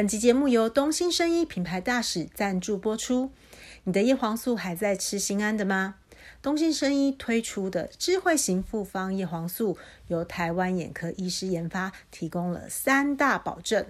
本集節目由東昕生醫品牌大使贊助播出。你的葉黃素還在吃心安的嗎？東昕生醫推出的智慧型複方葉黃素，由台灣眼科醫師研發，提供了三大保證：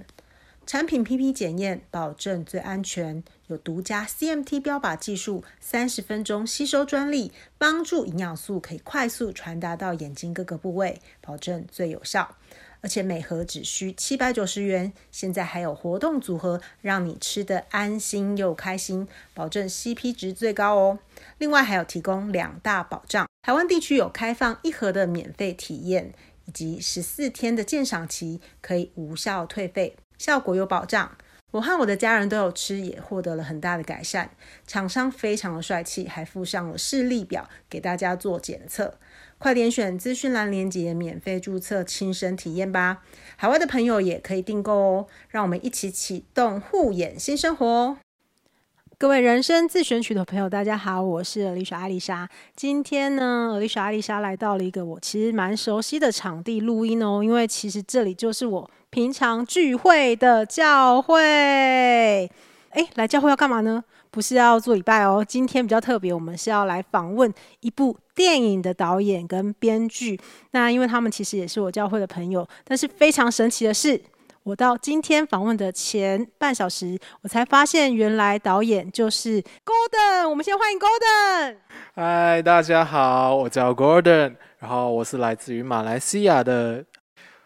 產品批批檢驗，保證最安全；有獨家 CMT 標靶技術，三十分鐘吸收專利，幫助營養素可以快速傳達到眼睛各個部位，保證最有效。而且每盒只需七百九十元，現在還有活動組合，讓你吃得安心又開心，保證 CP 值最高哦。另外還有提供兩大保障，台灣地區有開放一盒的免費體驗，以及十四天的鑑賞期，可以無效退費，效果有保障。我和我的家人都有吃，也獲得了很大的改善。廠商非常的帥氣，還附上了視力表給大家做檢測。快點選資訊欄鏈接，免費注冊，親身體驗吧！海外的朋友也可以訂購哦！讓我們一起啟動護眼新生活哦。各位人生自選曲的朋友，大家好，我是麗莎阿麗莎。今天呢，麗莎阿麗莎，阿麗莎來到了一個我其實蠻熟悉的場地錄音哦，因為其實這裡就是我平常聚會的教會。哎，來教會要幹嘛呢？不是要做禮拜哦，今天比較特別，我們是要來訪問一部電影的導演跟編劇。那因為他們其實也是我教會的朋友，但是非常神奇的是，我到今天訪問的前半小時，我才發現原來導演就是 Gordon。我們先歡迎 Gordon。嗨，大家好，我叫 Gordon，然後我是來自於馬來西亞的。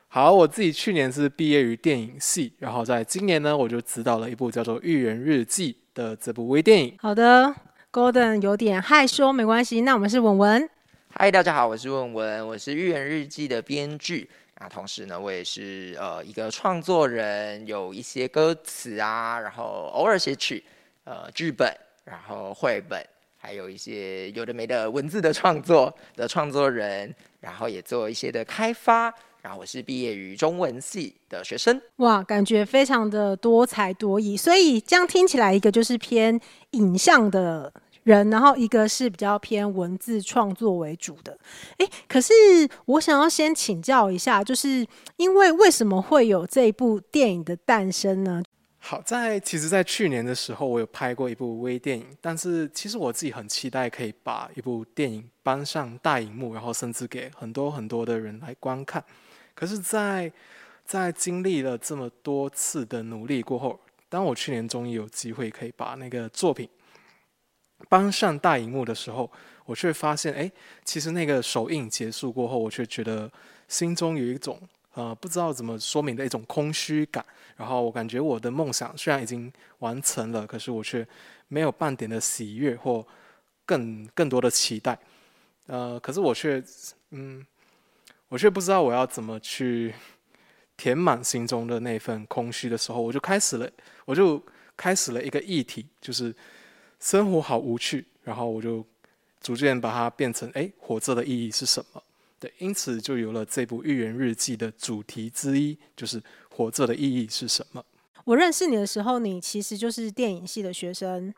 好，我自己去年是畢業於電影系，然後在今年呢，我就執導了一部叫做《預言日記》。的這部微電影。好的，Gordon 有點害羞，沒關係。那我們是文文。嗨，大家好，我是文文，我是《預言日記》的編劇，那同時呢，我也是呃一個創作人，有一些歌詞啊，然後偶爾寫曲，呃劇本，然後繪本，還有一些有的沒的文字的創作的創作人，然後也做一些的開發。然後、啊、我是畢業於中文系的學生。哇，感覺非常的多才多藝，所以這樣聽起來，一個就是偏影像的人，然後一個是比較偏文字創作為主的、欸，可是我想要先請教一下，就是因為為什麼會有這部電影的誕生呢？好，在，其實在去年的時候，我有拍過一部微電影，但是其實我自己很期待可以把一部電影搬上大熒幕，然後甚至給很多很多的人來觀看。可是在，在在經歷了這麼多次的努力過後，當我去年終於有機會可以把那個作品搬上大熒幕的時候，我卻發現，哎，其實那個首映結束過後，我卻覺得心中有一種呃，不知道怎麼說明的一種空虛感。然後我感覺我的夢想雖然已經完成了，可是我卻沒有半點的喜悅或更更多的期待。呃，可是我卻，嗯。我卻不知道我要怎麼去填滿心中的那份空虛的時候，我就開始了，我就開始了一個議題，就是生活好無趣。然後我就逐漸把它變成：誒，活着的意義是什麼？對，因此就有了這部《預言日記》的主題之一，就是活着的意義是什麼。我認識你的時候，你其實就是電影系的學生。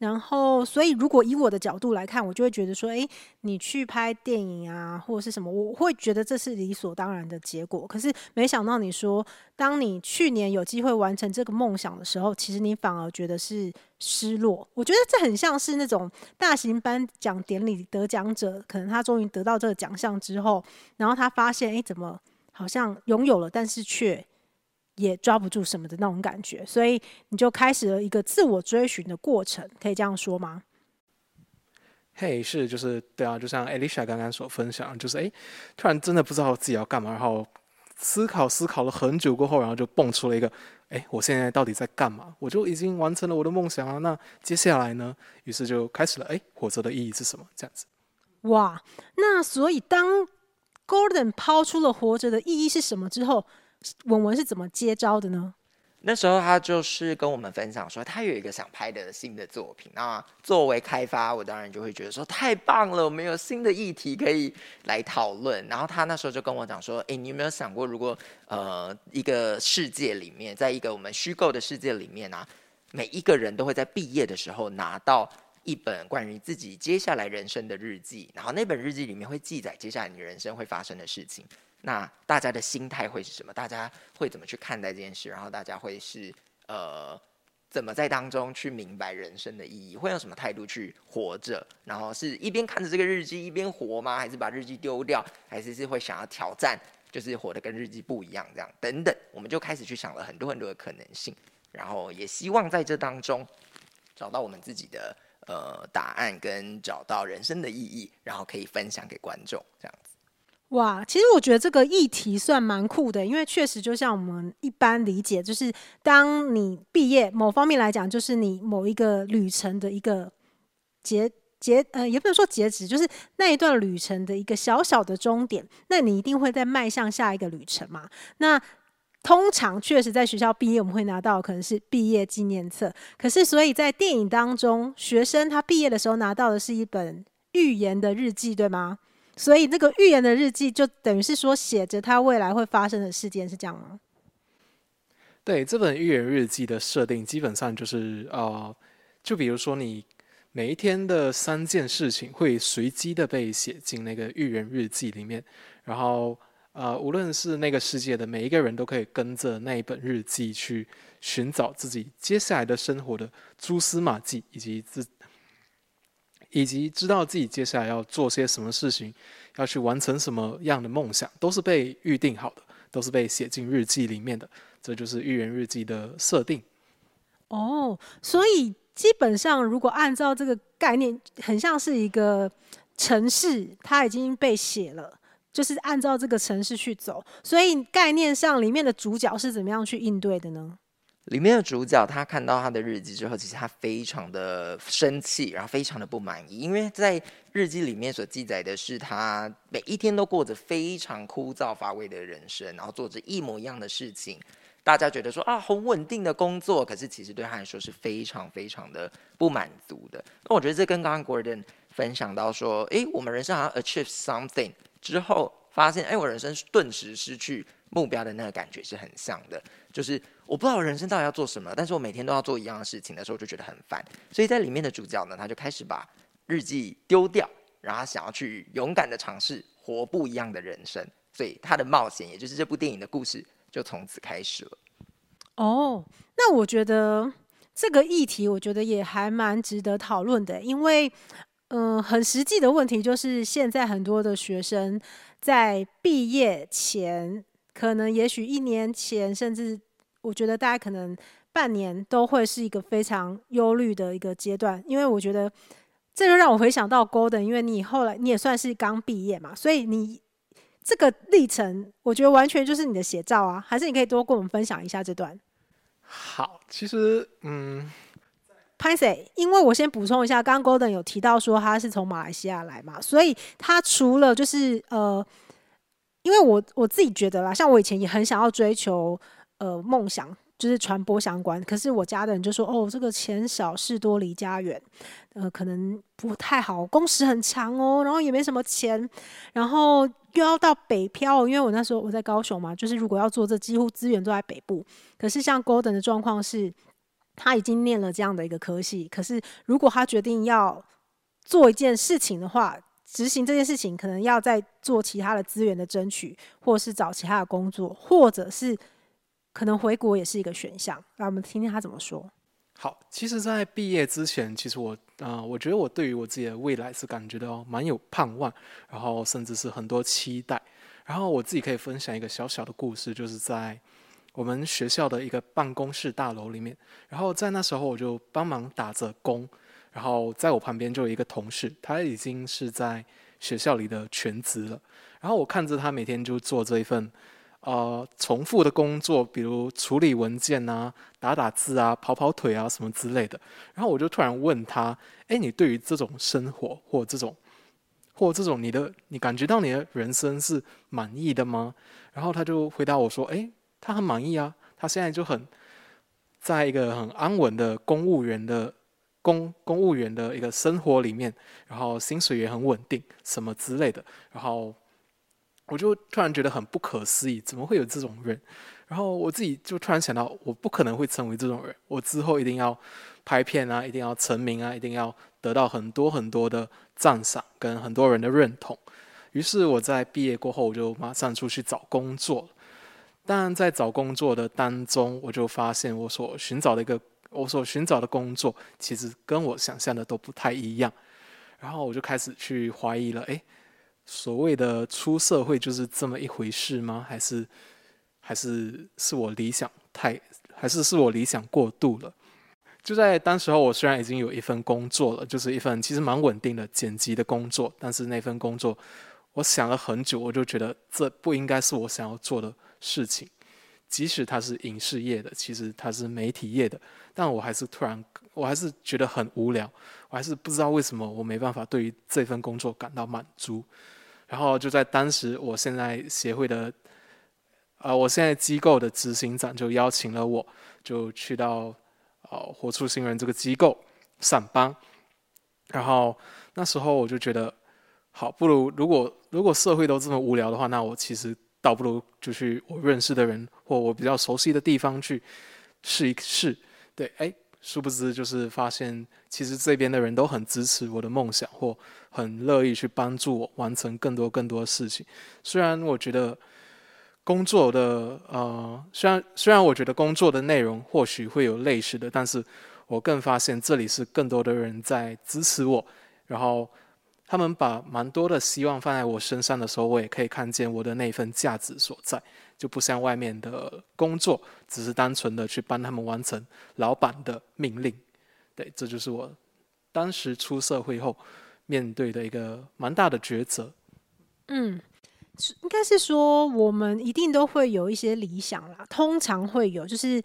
然後，所以如果以我的角度來看，我就會覺得說，哎，你去拍電影啊，或者是什麼，我會覺得這是理所當然的結果。可是沒想到你說，當你去年有機會完成這個夢想的時候，其實你反而覺得是失落。我覺得這很像是那種大型頒獎典禮得獎者，可能他終於得到這個獎項之後，然後他發現，哎，怎麼好像擁有了，但是卻……也抓不住什麼的那種感覺，所以你就開始了一個自我追尋的過程，可以這樣說嗎？嘿、hey，是就是對啊，就像艾麗莎剛剛所分享，就是誒，突然真的不知道自己要幹嘛，然後思考思考了很久過後，然後就蹦出了一個，哎，我現在到底在幹嘛？我就已經完成了我的夢想了，那接下來呢？於是就開始了，誒，活着的意義是什麼？這樣子，哇，那所以當 Gordon 拋出了活着的意義是什麼之後。文文是怎麼接招的呢？那時候他就是跟我們分享說，他有一個想拍的新的作品。那作為開發，我當然就會覺得說太棒了，我們有新的議題可以來討論。然後他那時候就跟我講說：“誒，你有沒有想過，如果呃一個世界裡面，在一個我們虛構的世界裡面啊，每一個人都會在畢業的時候拿到一本關於自己接下來人生的日記，然後那本日記裡面會記載接下來你人生會發生的事情。”那大家的心態會是什麼？大家會怎麼去看待這件事？然後大家會是呃怎麼在當中去明白人生的意義？會用什麼態度去活着？然後是一邊看着這個日記一邊活嗎？還是把日記丟掉？還是是會想要挑戰，就是活得跟日記不一樣這樣？等等，我們就開始去想了很多很多的可能性。然後也希望在這當中找到我們自己的呃答案跟找到人生的意義，然後可以分享給觀眾這樣。哇，其實我覺得這個議題算蠻酷的，因為確實就像我們一般理解，就是當你畢業，某方面來講，就是你某一個旅程的一個截截，呃，也不能說截止，就是那一段旅程的一個小小的終點，那你一定會再邁向下一個旅程嘛。那通常確實在學校畢業，我們會拿到可能是畢業紀念冊，可是所以在電影當中，學生他畢業的時候拿到的是一本預言的日記，對嗎？所以，那個預言的日記就等於是說，寫着他未來會發生的事件是這樣嗎？對，這本預言日記的設定基本上就是，呃，就比如說你每一天的三件事情會隨機的被寫進那個預言日記裡面，然後，呃，無論是那個世界的每一個人都可以跟着那一本日記去尋找自己接下來的生活的蛛絲馬跡以及自。以及知道自己接下來要做些什麼事情，要去完成什麼樣的夢想，都是被預定好的，都是被寫進日記裡面的。這就是預言日記的設定。哦，所以基本上如果按照這個概念，很像是一個程式，它已經被寫了，就是按照這個程式去走。所以概念上裡面的主角是怎麼樣去應對的呢？裡面的主角他看到他的日記之後，其實他非常的生氣，然後非常的不滿意，因為在日記裡面所記載的是他每一天都過着非常枯燥乏味的人生，然後做着一模一樣的事情。大家覺得說啊，很穩定的工作，可是其實對他來說是非常非常的不滿足的。那我覺得這跟剛剛 Gordon 分享到說，哎，我們人生好像 achieve something 之後。發現，哎、欸，我人生頓時失去目標的那個感覺是很像的，就是我不知道人生到底要做什麼，但是我每天都要做一樣的事情的時候，就覺得很煩。所以在裡面的主角呢，他就開始把日記丟掉，然後想要去勇敢的嘗試活不一樣的人生，所以他的冒險，也就是這部電影的故事，就從此開始了。哦，那我覺得這個議題，我覺得也還蠻值得討論的，因為，嗯、呃，很實際的問題就是現在很多的學生。在畢業前，可能也許一年前，甚至我覺得大家可能半年都會是一個非常憂慮的一個階段，因為我覺得這就讓我回想到 Gordon，因為你後來你也算是剛畢業嘛，所以你這個歷程，我覺得完全就是你的寫照啊，還是你可以多跟我們分享一下這段？好，其實嗯。潘 s 因為我先補充一下，剛剛 Gordon 有提到說他是從馬來西亞來嘛，所以他除了就是呃，因為我我自己覺得啦，像我以前也很想要追求呃夢想，就是傳播相關，可是我家的人就說，哦，這個錢少事多，離家遠，呃，可能不太好，工時很長哦，然後也沒什麼錢，然後又要到北漂，因為我那時候我在高雄嘛，就是如果要做這，幾乎資源都在北部，可是像 Gordon 的狀況是。他已經念了這樣的一個科系，可是如果他決定要做一件事情的話，執行這件事情可能要再做其他的資源的爭取，或者是找其他的工作，或者是可能回國也是一個選項。那、啊、我們聽聽他怎麼說。好，其實，在畢業之前，其實我啊、呃，我覺得我對於我自己的未來是感覺到蠻有盼望，然後甚至是很多期待。然後我自己可以分享一個小小的故事，就是在。我們學校的一個辦公室大樓裡面，然後在那時候我就幫忙打着工，然後在我旁邊就有一個同事，他已經是在學校裡的全職了，然後我看着他每天就做這一份，呃，重複的工作，比如處理文件啊、打打字啊、跑跑腿啊什麼之類的，然後我就突然問他：“哎，你對於這種生活或這種，或這種，你的你感覺到你的人生是滿意的嗎？”然後他就回答我說：“哎。”他很滿意啊，他現在就很，在一個很安穩的公務員的公公務員的一個生活裡面，然後薪水也很穩定，什麼之類的。然後我就突然覺得很不可思議，怎麼會有這種人？然後我自己就突然想到，我不可能會成為這種人，我之後一定要拍片啊，一定要成名啊，一定要得到很多很多的讚賞跟很多人的認同。於是我在畢業過後，我就馬上出去找工作。但在找工作的當中，我就發現我所尋找的一個，我所尋找的工作，其實跟我想象的都不太一樣。然後我就開始去懷疑了，哎，所謂的出社會就是這麼一回事嗎？還是還是是我理想太，還是是我理想過度了？就在當時候，我雖然已經有一份工作了，就是一份其實蠻穩定的剪輯的工作，但是那份工作，我想了很久，我就覺得這不應該是我想要做的。事情，即使它是影視業的，其實它是媒體業的，但我還是突然，我還是覺得很無聊，我還是不知道為什麼我沒辦法對於這份工作感到滿足。然後就在當時，我現在協會的啊、呃，我現在機構的執行長就邀請了我，就去到啊火速新人這個機構上班。然後那時候我就覺得，好，不如如果如果社會都這麼無聊的話，那我其實。倒不如就去我認識的人或我比較熟悉的地方去試一試，對，哎，殊不知就是發現，其實這邊的人都很支持我的夢想，或很樂意去幫助我完成更多更多的事情。雖然我覺得工作的呃，雖然雖然我覺得工作的內容或許會有類似的，但是我更發現這裡是更多的人在支持我，然後。他們把蠻多的希望放在我身上的時候，我也可以看見我的那份價值所在，就不像外面的工作，只是單純的去幫他們完成老板的命令。對，這就是我當時出社會後面對的一個蠻大的抉擇。嗯，應該是說我們一定都會有一些理想啦，通常會有，就是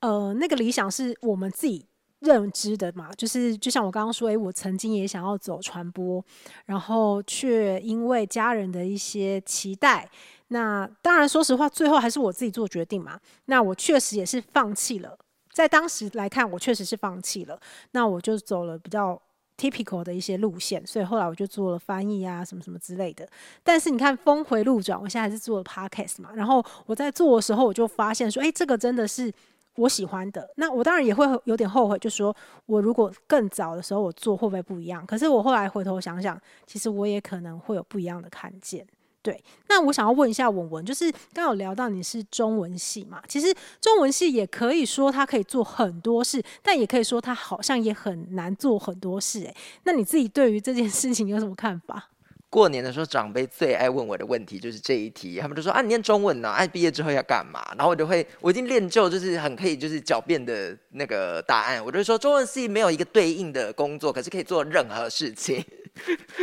呃，那個理想是我們自己。認知的嘛，就是就像我剛剛說，誒、欸，我曾經也想要走傳播，然後卻因為家人的一些期待，那當然說實話，最後還是我自己做決定嘛。那我確實也是放棄了，在當時來看，我確實是放棄了。那我就走了比較 typical 的一些路線，所以後來我就做了翻譯啊，什麼什麼之類的。但是你看，峰回路轉，我現在還是做 podcast 嘛。然後我在做的時候，我就發現說，誒、欸，這個真的是，我喜歡的，那我當然也會有點後悔，就是說我如果更早的時候我做會不會不一樣？可是我後來回頭想想，其實我也可能會有不一樣的看見。對，那我想要問一下文文，就是剛剛有聊到你是中文系嘛，其實中文系也可以說它可以做很多事，但也可以說它好像也很難做很多事欸。誒，那你自己對於這件事情有什麼看法？過年的時候，長輩最愛問我的問題就是這一題，他們就說：“啊，你念中文吶？啊，哎，啊，畢業之後要幹嘛？”然後我就會，我已經練就就是很可以就是狡辯的那個答案，我就說中文系沒有一個對應的工作，可是可以做任何事情，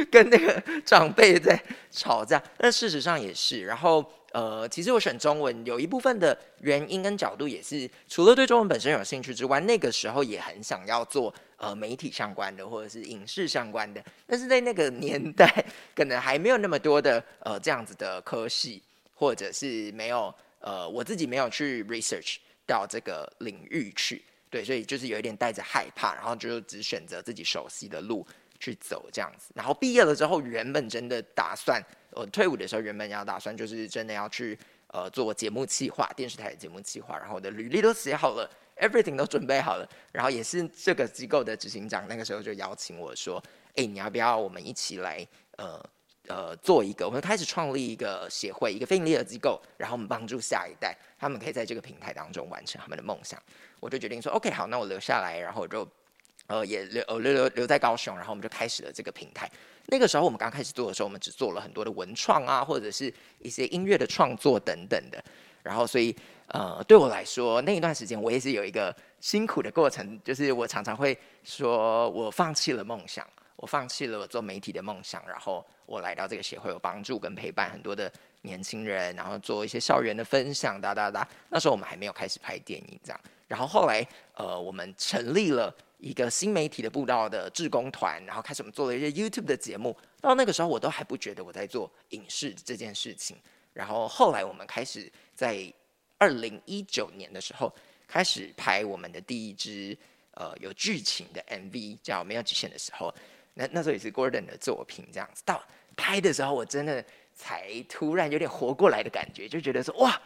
跟那個長輩在吵架。但事實上也是。然後，呃，其實我選中文有一部分的原因跟角度也是，除了對中文本身有興趣之外，那個時候也很想要做。呃，媒體相關的或者是影視相關的，但是在那個年代可能還沒有那麼多的呃這樣子的科系，或者是沒有呃我自己沒有去 research 到這個領域去，對，所以就是有一點帶着害怕，然後就只選擇自己熟悉的路去走這樣子。然後畢業了之後，原本真的打算，呃，退伍的時候原本要打算就是真的要去呃做節目企劃、電視台的節目企劃，然後我的履歷都寫好了。Everything 都準備好了，然後也是這個機構的執行長，那個時候就邀請我說：“誒、欸，你要不要我們一起來？呃呃，做一個，我們開始創立一個協會，一個非盈利的機構，然後我們幫助下一代，他們可以在這個平台當中完成他們的夢想。”我就決定說：“OK，好，那我留下來。”然後我就呃也留留留留在高雄，然後我們就開始了這個平台。那個時候我們剛開始做的時候，我們只做了很多的文創啊，或者是一些音樂的創作等等的，然後所以。呃，對我來說那一段時間，我也是有一個辛苦的過程，就是我常常會說我放棄了夢想，我放棄了我做媒體的夢想，然後我來到這個協會有幫助跟陪伴很多的年輕人，然後做一些校園的分享，噠噠噠。那時候我們還沒有開始拍電影這樣，然後後來呃，我們成立了一個新媒體的布道的志工團，然後開始我們做了一些 YouTube 的節目。到那個時候，我都還不覺得我在做影視這件事情。然後後來我們開始在。二零一九年的時候，開始拍我們的第一支呃有劇情的 MV，叫《沒有極限》的時候，那那時候也是 Gordon 的作品，這樣子到拍的時候，我真的才突然有點活過來的感覺，就覺得說哇，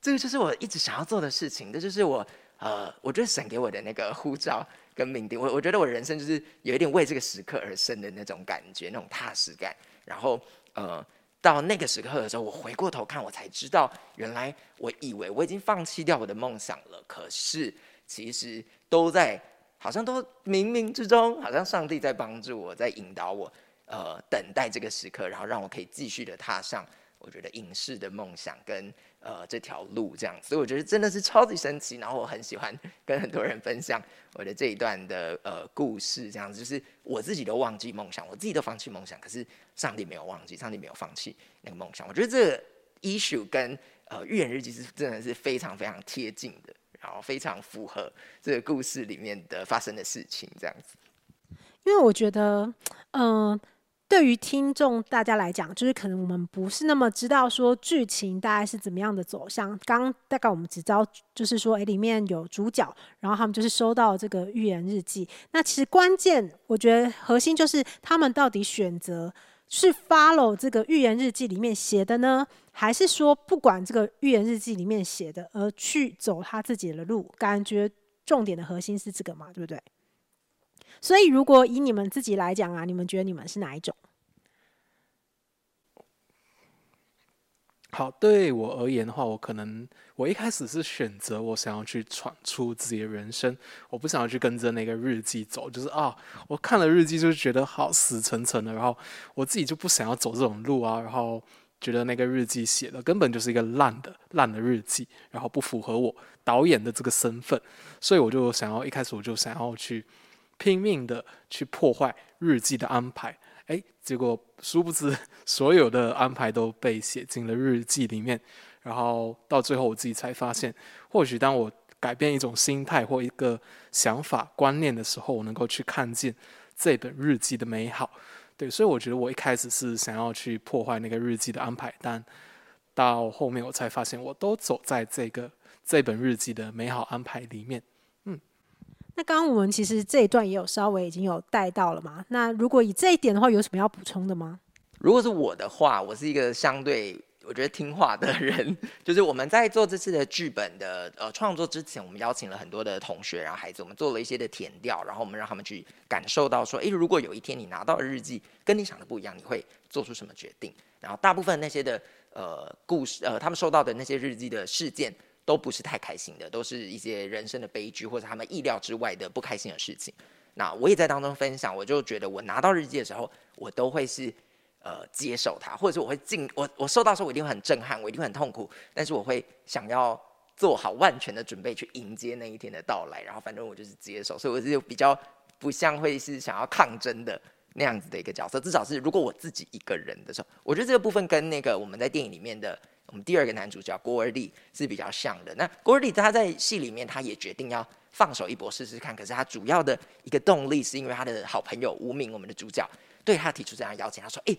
這個就是我一直想要做的事情，這就是我呃，我覺得神給我的那個呼召跟命定，我我覺得我的人生就是有一點為這個時刻而生的那種感覺，那種踏實感，然後呃。到那個時刻的時候，我回過頭看，我才知道，原來我以為我已經放棄掉我的夢想了。可是，其實都在，好像都冥冥之中，好像上帝在幫助我，在引導我，呃，等待這個時刻，然後讓我可以繼續的踏上，我覺得影視的夢想跟。呃，這條路這樣，所以我覺得真的是超級神奇。然後我很喜歡跟很多人分享我的這一段的呃故事，這樣子就是我自己都忘記夢想，我自己都放棄夢想，可是上帝沒有忘記，上帝沒有放棄那個夢想。我覺得這個 issue 跟呃預言日記是真的是非常非常貼近的，然後非常符合這個故事裡面的發生的事情這樣子。因為我覺得，嗯、呃。對於聽眾大家來講，就是可能我們不是那麼知道說劇情大概是怎麼樣的走向。剛剛大概我們只知道就是說，誒裡面有主角，然後他們就是收到這個預言日記。那其實關鍵我覺得核心就是他們到底選擇是 follow 這個預言日記裡面寫的呢，還是說不管這個預言日記裡面寫的，而去走他自己的路？感覺重點的核心是這個嘛，對不對？所以，如果以你們自己來講啊，你們覺得你們是哪一種？好，對我而言的話，我可能我一開始是選擇我想要去闖出自己的人生，我不想要去跟着那個日記走。就是啊，我看了日記，就覺得好死沉沉的，然後我自己就不想要走這種路啊。然後覺得那個日記寫的根本就是一個爛的爛的日記，然後不符合我導演的這個身份，所以我就想要一開始我就想要去。拼命地去破壞日記的安排，誒，結果殊不知所有的安排都被寫進了日記裡面，然後到最後我自己才發現，或許當我改變一種心態或一個想法、觀念的時候，我能夠去看見這本日記的美好。對，所以我覺得我一開始是想要去破壞那個日記的安排，但到後面我才發現，我都走在這個這本日記的美好安排裡面。那剛剛我們其實這一段也有稍微已經有帶到了嘛？那如果以這一點的話，有什麼要補充的嗎？如果是我的話，我是一個相對我覺得聽話的人。就是我們在做這次的劇本的呃創作之前，我們邀請了很多的同學然後孩子，我們做了一些的田調，然後我們讓他們去感受到說，誒，如果有一天你拿到日記跟你想的不一樣，你會做出什麼決定？然後大部分那些的呃故事呃，他們收到的那些日記的事件，都不是太開心的，都是一些人生的悲劇，或者他們意料之外的不開心的事情。那我也在當中分享，我就覺得我拿到日記的時候，我都會是呃接受它，或者是我會盡我，我收到時候，我一定會很震撼，我一定會很痛苦，但是我會想要做好萬全的準備去迎接那一天的到來。然後反正我就是接受，所以我就比較不像會是想要抗爭的那樣子的一個角色。至少是如果我自己一個人的時候，我覺得這個部分跟那個我們在電影裡面的。我們第二個男主角 Gordie 是比較像的。那 Gordie 他在戲裡面，他也決定要放手一搏試試看。可是他主要的一個動力，是因為他的好朋友吳明，我們的主角，對他提出這樣的邀請。他說：“哎、欸，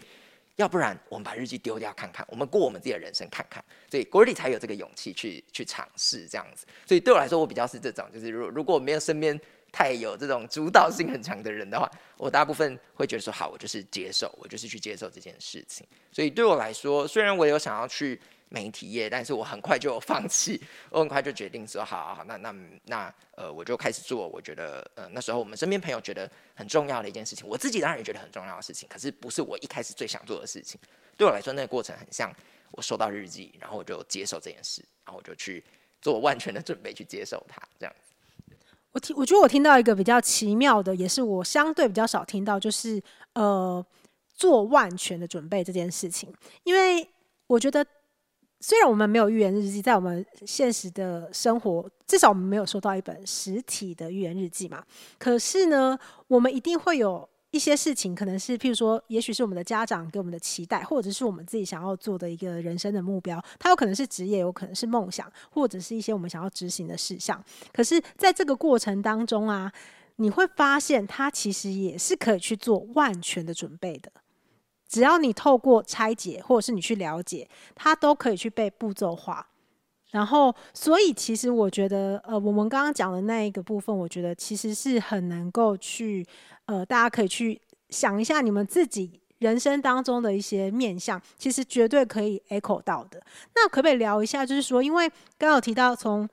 要不然我們把日記丟掉看看，我們過我們自己的人生看看。”所以 Gordie 才有這個勇氣去去嘗試這樣子。所以對我來說，我比較是這種，就是如如果沒有身邊太有這種主導性很強的人的話，我大部分會覺得說好，我就是接受，我就是去接受這件事情。所以對我來說，雖然我有想要去。媒體業，但是我很快就放棄，我很快就決定說好，好，好，那那那，呃，我就開始做。我覺得，呃，那時候我們身邊朋友覺得很重要的一件事情，我自己當然也覺得很重要的事情，可是不是我一開始最想做的事情。對我來說，那個過程很像我收到日記，然後我就接受這件事，然後我就去做萬全的準備去接受它，這樣子。我聽，我覺得我聽到一個比較奇妙的，也是我相對比較少聽到，就是呃，做萬全的準備這件事情，因為我覺得。雖然我們沒有預言日記，在我們現實的生活，至少我們沒有收到一本實體的預言日記嘛。可是呢，我們一定會有一些事情，可能是譬如說，也許是我們的家長給我們的期待，或者是我們自己想要做的一個人生的目標。它有可能是職業，有可能是夢想，或者是一些我們想要執行的事項。可是，在這個過程當中啊，你會發現，它其實也是可以去做萬全的準備的。只要你透過拆解，或者是你去了解，它都可以去被步驟化。然後，所以其實我覺得，呃，我們剛剛講的那一個部分，我覺得其實是很能夠去，呃，大家可以去想一下你們自己人生當中的一些面向，其實絕對可以 echo 到的。那可不可以聊一下，就是說，因為剛剛有提到從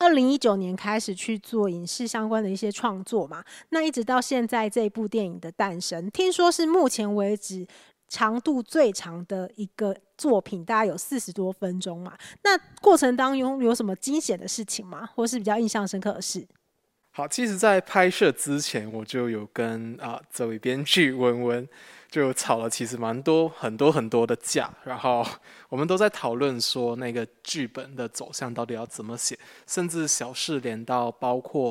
二零一九年開始去做影視相關的一些創作嘛，那一直到現在這部電影的誕生，聽說是目前為止長度最長的一個作品，大概有四十多分鐘嘛。那過程當中有什麼驚險的事情嗎？或是比較印象深刻的事？好，其實，在拍攝之前我就有跟啊這位編劇文文。就吵了，其實蠻多很多很多的架，然後我們都在討論說那個劇本的走向到底要怎麼寫，甚至小事連到包括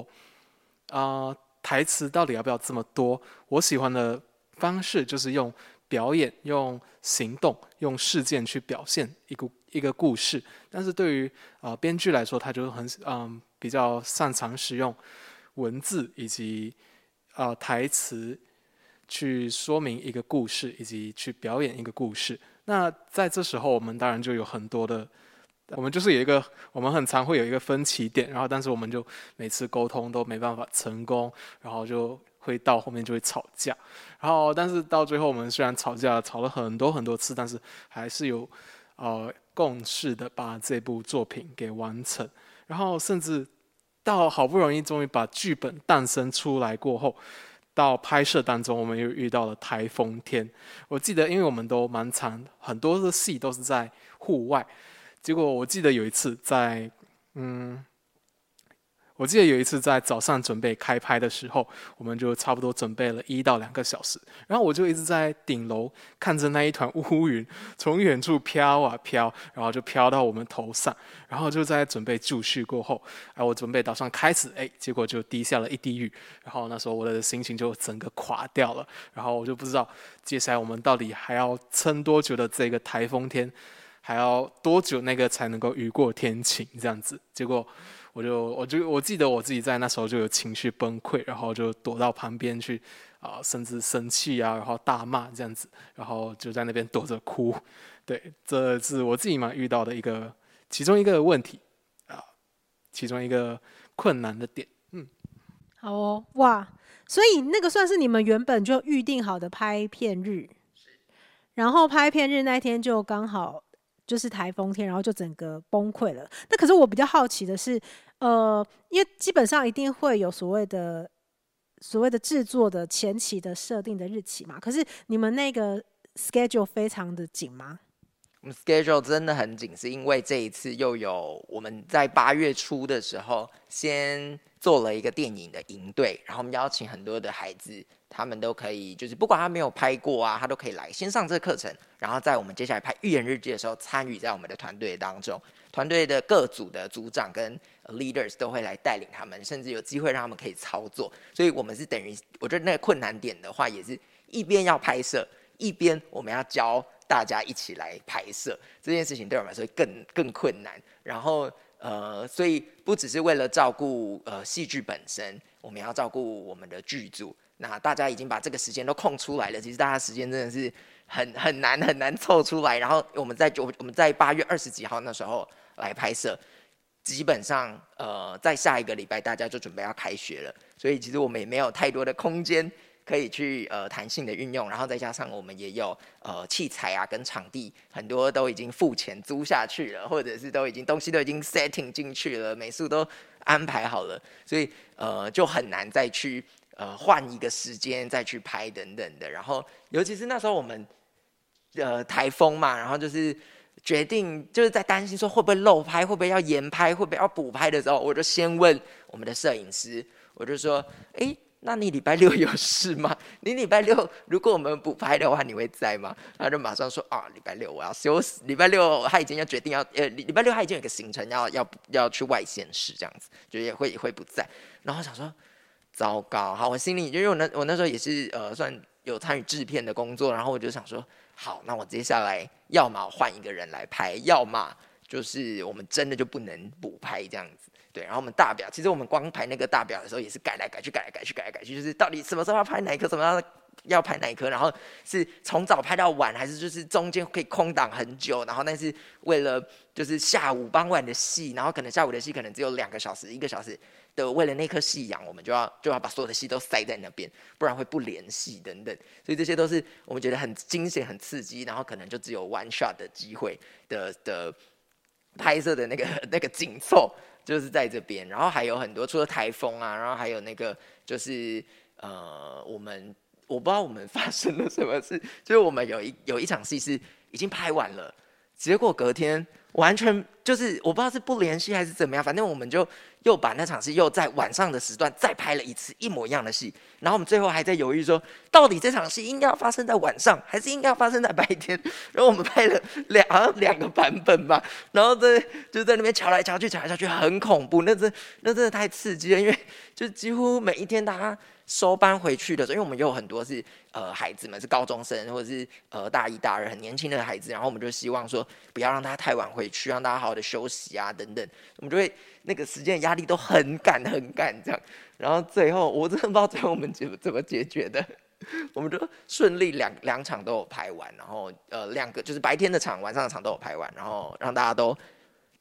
啊、呃、台詞到底要不要這麼多。我喜歡的方式就是用表演、用行動、用事件去表現一個一個故事，但是對於啊、呃、編劇來說，他就很嗯、呃、比較擅長使用文字以及啊、呃、台詞。去說明一個故事，以及去表演一個故事。那在這時候，我們當然就有很多的，我們就是有一個，我們很常會有一個分歧點，然後但是我們就每次溝通都沒辦法成功，然後就會到後面就會吵架，然後但是到最後，我們雖然吵架，吵了很多很多次，但是還是有呃共識的，把這部作品給完成。然後甚至到好不容易終於把劇本誕生出來過後。到拍攝當中，我們又遇到了台風天。我記得，因為我們都蠻慘，很多的戲都是在戶外，結果我記得有一次在，嗯。我記得有一次在早上準備開拍的時候，我們就差不多準備了一到兩個小時，然後我就一直在頂樓看着那一團烏雲從遠處飄啊飄，然後就飄到我們頭上，然後就在準備就緒過後，哎，我準備早上開始，哎，結果就滴下了一滴雨，然後那時候我的心情就整個垮掉了，然後我就不知道接下來我們到底還要撐多久的這個台風天，還要多久那個才能夠雨過天晴這樣子，結果。我就我就我記得我自己在那時候就有情緒崩潰，然後就躲到旁邊去啊、呃，甚至生氣啊，然後大罵這樣子，然後就在那邊躲着哭。對，這是我自己嘛遇到的一個其中一個問題啊、呃，其中一個困難的點。嗯，好哦，哇，所以那個算是你們原本就預定好的拍片日，是然後拍片日那天就剛好。就是颱風天，然後就整個崩潰了。那可是我比較好奇的是，呃，因為基本上一定會有所謂的所謂的製作的前期的設定的日期嘛。可是你們那個 schedule 非常的緊嗎？我們 schedule 真的很緊，是因為這一次又有我們在八月初的時候先。做了一個電影的營隊，然後我們邀請很多的孩子，他們都可以，就是不管他沒有拍過啊，他都可以來先上這個課程，然後在我們接下來拍《預言日記》的時候參與在我們的團隊當中。團隊的各組的組長跟 leaders 都會來帶領他們，甚至有機會讓他們可以操作。所以，我們是等於，我覺得那個困難點的話，也是一邊要拍攝，一邊我們要教大家一起來拍攝這件事情，對我們來說更更困難。然後。呃，所以不只是為了照顧呃戲劇本身，我們要照顧我們的劇組。那大家已經把這個時間都空出來了，其實大家時間真的是很很難很難湊出來。然後我們在九，我們在八月二十幾號那時候來拍攝，基本上呃在下一個禮拜大家就準備要開學了，所以其實我們也沒有太多的空間。可以去呃彈性的運用，然後再加上我們也有呃器材啊跟場地很多都已經付錢租下去了，或者是都已經東西都已經 setting 進去了，美術都安排好了，所以呃就很難再去呃換一個時間再去拍等等的。然後尤其是那時候我們呃台風嘛，然後就是決定就是在擔心說會不會漏拍，會不會要延拍，會不會要補拍的時候，我就先問我們的攝影師，我就說誒。那你禮拜六有事嗎？你禮拜六如果我們補拍的話，你會在嗎？他就馬上說啊，禮拜六我要休息。禮拜六他已經要決定要呃，禮禮拜六他已經有個行程要要要要去外縣市，這樣子就也會也會不在。然後想說，糟糕，好，我心裡就因為我那我那時候也是呃，算有參與制片的工作，然後我就想說，好，那我接下來要麼換一個人來拍，要麼就是我們真的就不能補拍這樣子。然後我們大表，其實我們光排那個大表的時候，也是改來改去，改來改去，改來改去，改來改去，就是到底什麼時候要拍哪一顆，什麼時候要拍哪一顆？然後是從早拍到晚，還是就是中間可以空檔很久，然後但是為了就是下午傍晚的戲，然後可能下午的戲可能只有兩個小時、一個小時的，為了那顆夕陽，我們就要就要把所有的戲都塞在那邊，不然會不連戲等等。所以這些都是我們覺得很驚險、很刺激，然後可能就只有 one shot 的機會的的。拍攝的那個那個緊湊就是在這邊，然後還有很多，除了台風啊，然後還有那個就是呃，我們我不知道我們發生了什麼事，就是我們有一有一場戲是已經拍完了，結果隔天。完全就是我不知道是不聯繫還是怎麼樣，反正我們就又把那場戲又在晚上的時段再拍了一次一模一樣的戲，然後我們最後還在猶豫說，到底這場戲應該要發生在晚上還是應該要發生在白天，然後我們拍了兩兩個版本吧，然後在就在那邊瞧來瞧去瞧來瞧去，很恐怖，那真那真的太刺激了，因為就幾乎每一天大家收班回去的時候，因為我們有很多是呃孩子們是高中生或者是呃大一大二很年輕的孩子，然後我們就希望說不要讓他太晚回。去讓大家好好的休息啊，等等，我們就會那個時間的壓力都很趕很趕這樣。然後最後，我真的不知道最後我們怎麼怎麼解決的。我們就順利兩兩場都有拍完，然後呃兩個就是白天的場、晚上的場都有拍完，然後讓大家都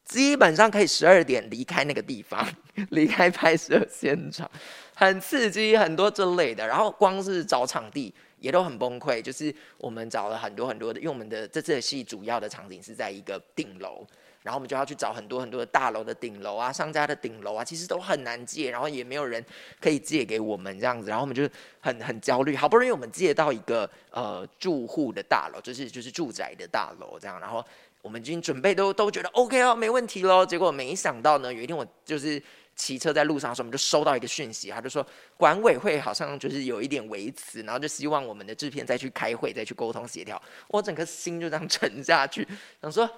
基本上可以十二點離開那個地方，離開拍攝現場，很刺激，很多之類的。然後光是找場地，也都很崩潰，就是我們找了很多很多的，因為我們的這次戲主要的場景是在一個頂樓，然後我們就要去找很多很多的大樓的頂樓啊、商家的頂樓啊，其實都很難借，然後也沒有人可以借給我們這樣子，然後我們就很很焦慮，好不容易我們借到一個呃住戶的大樓，就是就是住宅的大樓這樣，然後我們已經準備都都覺得 OK 哦，沒問題嘍，結果沒想到呢，有一天我就是。騎車在路上的時候，我們就收到一個訊息，他就說管委會好像就是有一點微詞，然後就希望我們的製片再去開會，再去溝通協調。我整顆心就這樣沉下去，想說。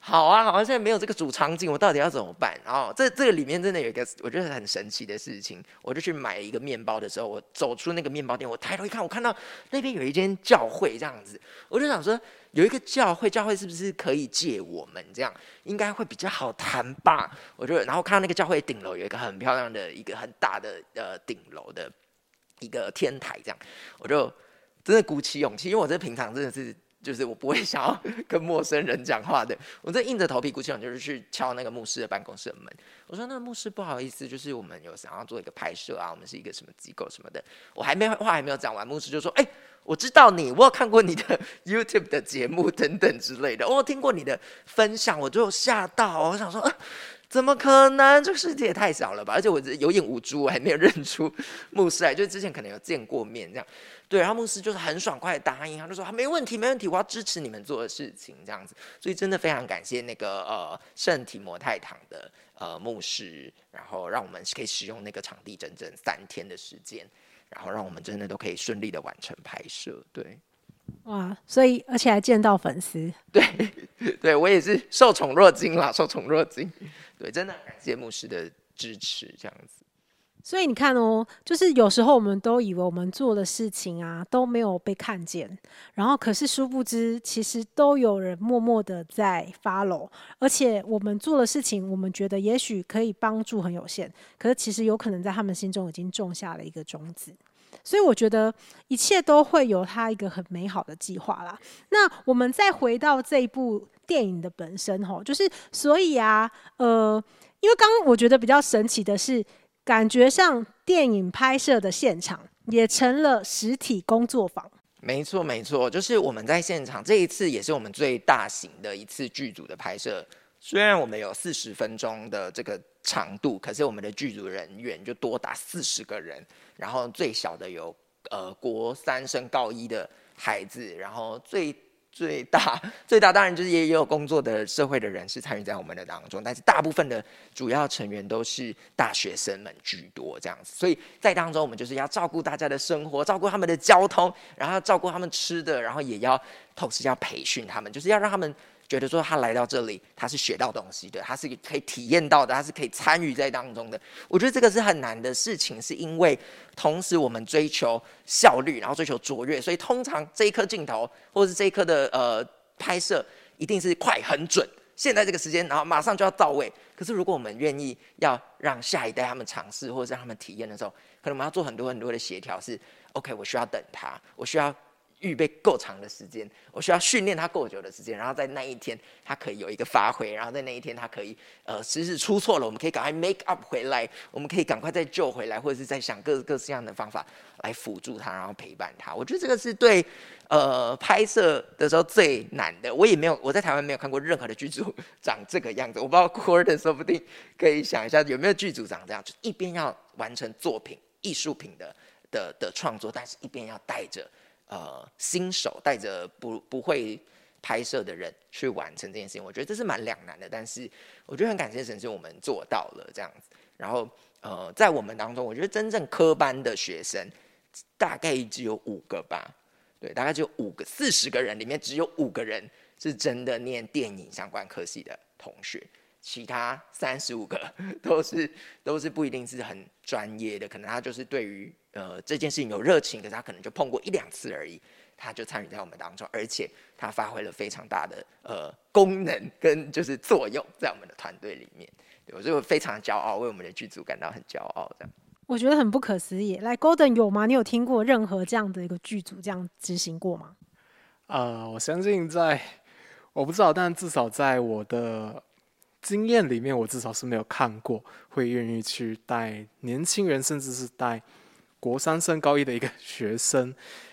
好啊，好啊！現在沒有這個主場景，我到底要怎麼辦？然後這這個裡面真的有一個，我覺得很神奇的事情。我就去買一個麵包的時候，我走出那個麵包店，我抬頭一看，我看到那邊有一間教會這樣子。我就想說，有一個教會，教會是不是可以借我們這樣？應該會比較好談吧。我就，然後看到那個教會頂樓有一個很漂亮的、一個很大的呃頂樓的一個天台這樣。我就真的鼓起勇氣，因為我這平常真的是。就是我不會想要跟陌生人講話的，我在硬着頭皮鼓起勇就是去敲那個牧師的辦公室的門。我說：“那個、牧師，不好意思，就是我們有想要做一個拍攝啊，我們是一個什麼機構什麼的。”我還沒話還沒有講完，牧師就說：“誒、欸，我知道你，我有看過你的 YouTube 的節目等等之類的，我、哦、聽過你的分享，我就有嚇到，我想說。啊”怎麼可能？這個世界也太小了吧！而且我有眼無珠，我還沒有認出牧師來。就是之前可能有見過面這樣。對，然後牧師就是很爽快的答應，他就說：“沒問題，沒問題，我要支持你們做的事情。”這樣子，所以真的非常感謝那個呃聖提摩太堂的呃牧師，然後讓我們可以使用那個場地整整三天的時間，然後讓我們真的都可以順利的完成拍攝。對。哇，所以而且還見到粉絲，對，對我也是受寵若驚啦，受寵若驚，對，真的感謝牧師的支持，這樣子。所以你看喔，就是有時候我們都以為我們做的事情啊都沒有被看見，然後可是殊不知，其實都有人默默的在 follow，而且我們做的事情，我們覺得也許可以幫助很有限，可是其實有可能在他們心中已經種下了一個種子。所以我覺得一切都會有它一個很美好的計劃啦。那我們再回到這一部電影的本身吼，就是所以啊，呃，因為剛剛我覺得比較神奇的是，感覺像電影拍攝的現場也成了實體工作坊。沒錯沒錯，就是我們在現場這一次也是我們最大型的一次劇組的拍攝，雖然我們有四十分鐘的這個。長度，可是我們的劇組人員就多達四十個人，然後最小的有呃國三升高一的孩子，然後最最大最大當然就是也也有工作的社會的人士參與在我們的當中，但是大部分的主要成員都是大學生們居多這樣子，所以在當中我們就是要照顧大家的生活，照顧他們的交通，然後要照顧他們吃的，然後也要同時要培訓他們，就是要讓他們。覺得說他來到這裡，他是學到東西的，他是可以體驗到的，他是可以參與在當中的。我覺得這個是很難的事情，是因為同時我們追求效率，然後追求卓越，所以通常這一顆鏡頭或者是這一顆的呃拍攝，一定是快很準。現在這個時間，然後馬上就要到位。可是如果我們願意要讓下一代他們嘗試，或者讓他們體驗的時候，可能我們要做很多很多的協調，是 OK，我需要等他，我需要。預備夠長的時間，我需要訓練他夠久的時間，然後在那一天他可以有一個發揮，然後在那一天他可以，呃，即使出錯了，我們可以趕快 make up 回來，我們可以趕快再救回來，或者是在想各各式樣的方法來輔助他，然後陪伴他。我覺得這個是對，呃，拍攝的時候最難的。我也沒有我在台灣沒有看過任何的劇組長這個樣子，我不知道 Gordon 說不定可以想一下有沒有劇組長這樣，就一邊要完成作品、藝術品的的的創作，但是一邊要帶着。呃，新手帶着不不會拍攝的人去完成這件事情，我覺得這是蠻兩難的。但是，我覺得很感謝神，是，我們做到了這樣子。然後，呃，在我們當中，我覺得真正科班的學生大概只有五個吧，對，大概只有五個，四十個人裡面只有五個人是真的念電影相關科系的同學，其他三十五個都是都是不一定是很專業的，可能他就是對於。呃，這件事情有熱情，可是他可能就碰過一兩次而已，他就參與在我們當中，而且他發揮了非常大的呃功能跟就是作用在我們的團隊裡面，對，所以我就非常驕傲，為我們的劇組感到很驕傲。這樣，我覺得很不可思議。來、like、Gordon 有嗎？你有聽過任何這樣的一個劇組這樣執行過嗎？呃，我相信在我不知道，但至少在我的經驗裡面，我至少是沒有看過會願意去帶年輕人，甚至是帶。國三升高一的一個學生，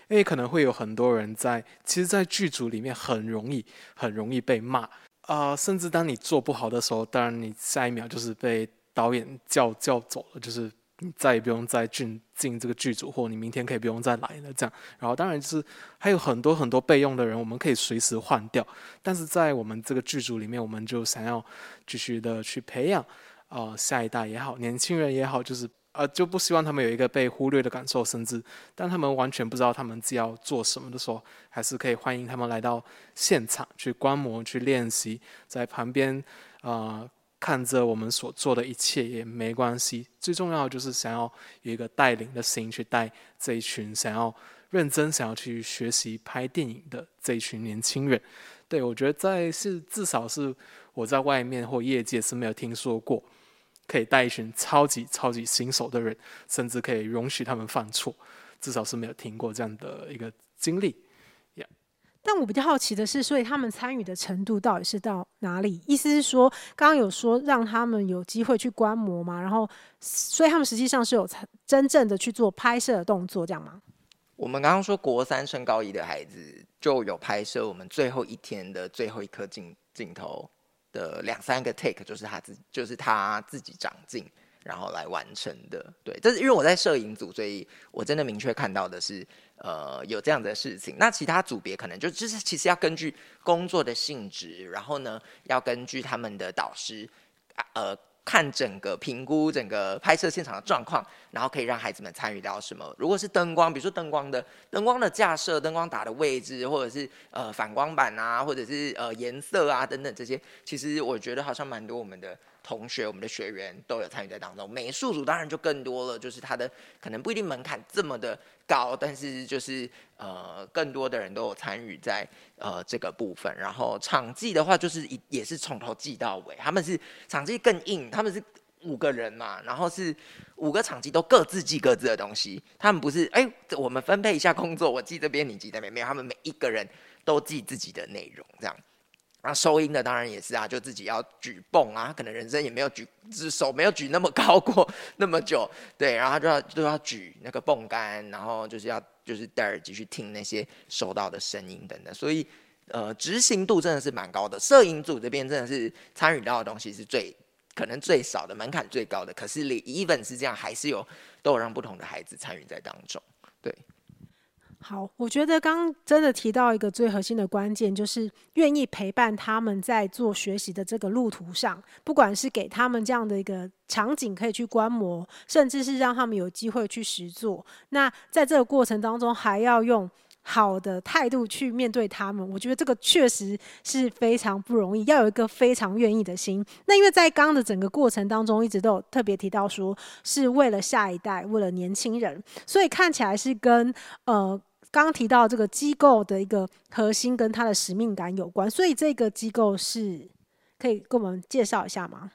因為可能會有很多人在，其實，在劇組裡面很容易，很容易被罵啊，呃，甚至當你做不好的時候，當然你下一秒就是被導演叫叫走了，就是你再也不用再進進這個劇組，或你明天可以不用再來了這樣。然後，當然就是還有很多很多備用的人，我們可以隨時換掉。但是在我們這個劇組裡面，我們就想要繼續的去培養，呃，下一代也好，年輕人也好，就是。呃，就不希望他們有一個被忽略的感受，甚至當他們完全不知道他們自己要做什麼的時候，還是可以歡迎他們來到現場去觀摩、去練習，在旁邊啊、呃、看着我們所做的一切也沒關係。最重要就是想要有一個帶領的心去帶這一群想要認真、想要去學習拍電影的這一群年輕人。對，我覺得在，在是至少是我在外面或業界是沒有聽說過。可以帶一群超級超級新手的人，甚至可以容許他們犯錯，至少是沒有聽過這樣的一個經歷。Yeah. 但我比較好奇的是，所以他們參與的程度到底是到哪裡？意思是說，剛剛有說讓他們有機會去觀摩嘛？然後，所以他們實際上是有真正的去做拍攝的動作，這樣嗎？我們剛剛說，國三升高一的孩子就有拍攝我們最後一天的最後一顆鏡鏡頭的兩三個 take 就是他自就是他自己長進，然後來完成的，對。但是因為我在攝影組，所以我真的明確看到的是，呃，有這樣的事情。那其他組別可能就就是其實要根據工作的性質，然後呢，要根據他們的導師，呃，看整個評估，整個拍攝現場的狀況，然後可以讓孩子們參與到什麼？如果是燈光，比如說燈光的燈光的架設、燈光打的位置，或者是呃反光板啊，或者是呃顏色啊等等這些，其實我覺得好像蠻多我們的，同學，我們的學員都有參與在當中。美術組當然就更多了，就是他的可能不一定門檻這麼的高，但是就是呃更多的人都有參與在呃這個部分。然後場記的話，就是一也是從頭記到尾，他們是場記更硬，他們是五個人嘛，然後是五個場記都各自記各自的東西。他們不是哎，我們分配一下工作，我記這邊，你記那邊，沒有，他們每一個人都記自己的內容，這樣。那收音的當然也是啊，就自己要舉棒啊，可能人生也沒有舉，只手沒有舉那麼高過那麼久，對，然後就要就要舉那個棒桿，然後就是要就是戴耳機去聽那些收到的聲音等等，所以呃執行度真的是蠻高的。攝影組這邊真的是參與到的東西是最可能最少的，門檻最高的，可是你 even 是這樣，還是有都有讓不同的孩子參與在當中，對。好，我覺得剛剛真的提到一個最核心的關鍵，就是願意陪伴他們在做學習的這個路途上，不管是給他們這樣的一個場景可以去觀摩，甚至是讓他們有機會去實做。那在這個過程當中，還要用好的態度去面對他們。我覺得這個確實是非常不容易，要有一個非常願意的心。那因為在剛剛的整個過程當中，一直都有特別提到說是為了下一代，為了年輕人，所以看起來是跟呃。剛剛提到這個機構的一個核心跟它的使命感有關，所以這個機構是可以跟我們介紹一下嗎？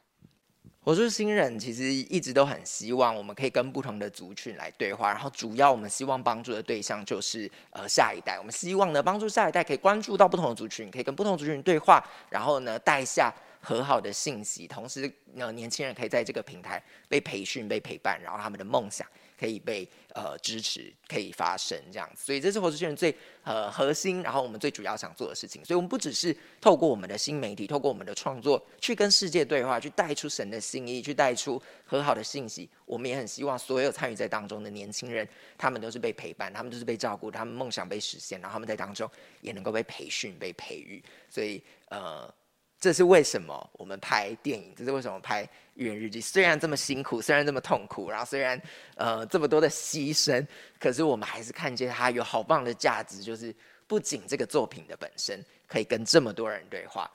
我是新人，其實一直都很希望我們可以跟不同的族群來對話，然後主要我們希望幫助的對象就是呃下一代，我們希望呢幫助下一代可以關注到不同的族群，可以跟不同族群對話，然後呢帶下和好的信息，同時呢年輕人可以在這個平台被培訓、被陪伴，然後他們的夢想。可以被呃支持，可以發聲。這樣子，所以這是活出新人最呃核心，然後我們最主要想做的事情。所以，我們不只是透過我們的新媒體，透過我們的創作，去跟世界對話，去帶出神的心意，去帶出和好的信息。我們也很希望所有參與在當中的年輕人，他們都是被陪伴，他們都是被照顧，他們夢想被實現，然後他們在當中也能夠被培訓、被培育。所以，呃。這是為什麼我們拍電影？這是為什麼拍《預言日記》？雖然這麼辛苦，雖然這麼痛苦，然後雖然呃這麼多的犧牲，可是我們還是看見它有好棒的價值。就是不僅這個作品的本身可以跟這麼多人對話，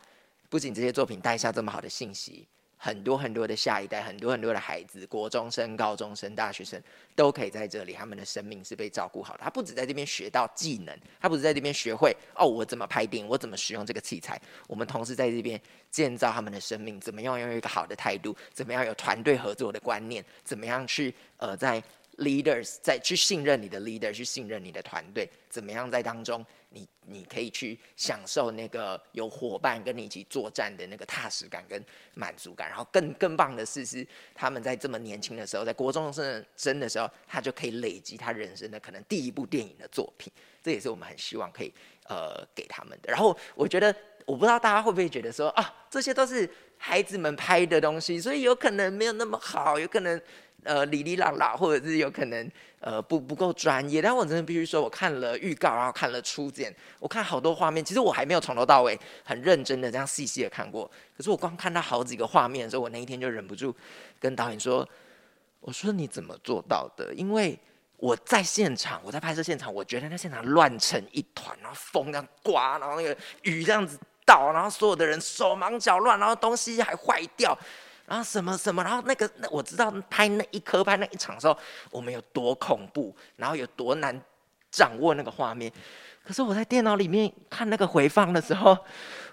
不僅這些作品帶下這麼好的信息，很多很多的下一代，很多很多的孩子，國中生、高中生、大學生都可以在這裡，他們的生命是被照顧好的。他不止在這邊學到技能，他不止在這邊學會哦，我怎麼拍電影，我怎麼使用這個器材。我們同時在這邊建造他們的生命，怎麼樣有一個好的態度，怎麼樣有團隊合作的觀念，怎麼樣去呃在 leaders 再去信任你的 leader，去信任你的團隊，怎麼樣在當中。你你可以去享受那個有夥伴跟你一起作戰的那個踏實感跟滿足感，然後更更棒的是是，是，他們在這麼年輕的時候，在國中生的時候，他就可以累積他人生的可能第一部電影的作品，這也是我們很希望可以呃給他們的。然後我覺得，我不知道大家會不會覺得說啊，這些都是孩子們拍的東西，所以有可能沒有那麼好，有可能。呃，哩哩啦啦，或者是有可能，呃，不不夠專業。但我真的必須說，我看了預告，然後看了初剪，我看好多畫面。其實我還沒有從頭到尾很認真的這樣細細的看過。可是我光看到好幾個畫面的時候，我那一天就忍不住跟導演說：“我說你怎麼做到的？因為我在現場，我在拍攝現場，我覺得那現場亂成一團，然後風這樣颳，然後那個雨這樣子倒，然後所有的人手忙腳亂，然後東西還壞掉。”然後什麼什麼，然後那個，那我知道拍那一顆拍那一場的時候，我們有多恐怖，然後有多難掌握那個畫面。可是我在電腦裡面看那個回放的時候，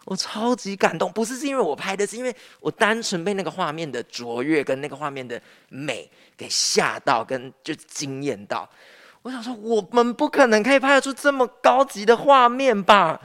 我超級感動。不是是因為我拍的，是因為我單純被那個畫面的卓越跟那個畫面的美給嚇到，跟就驚艷到。我想說，我們不可能可以拍得出這麼高級的畫面吧？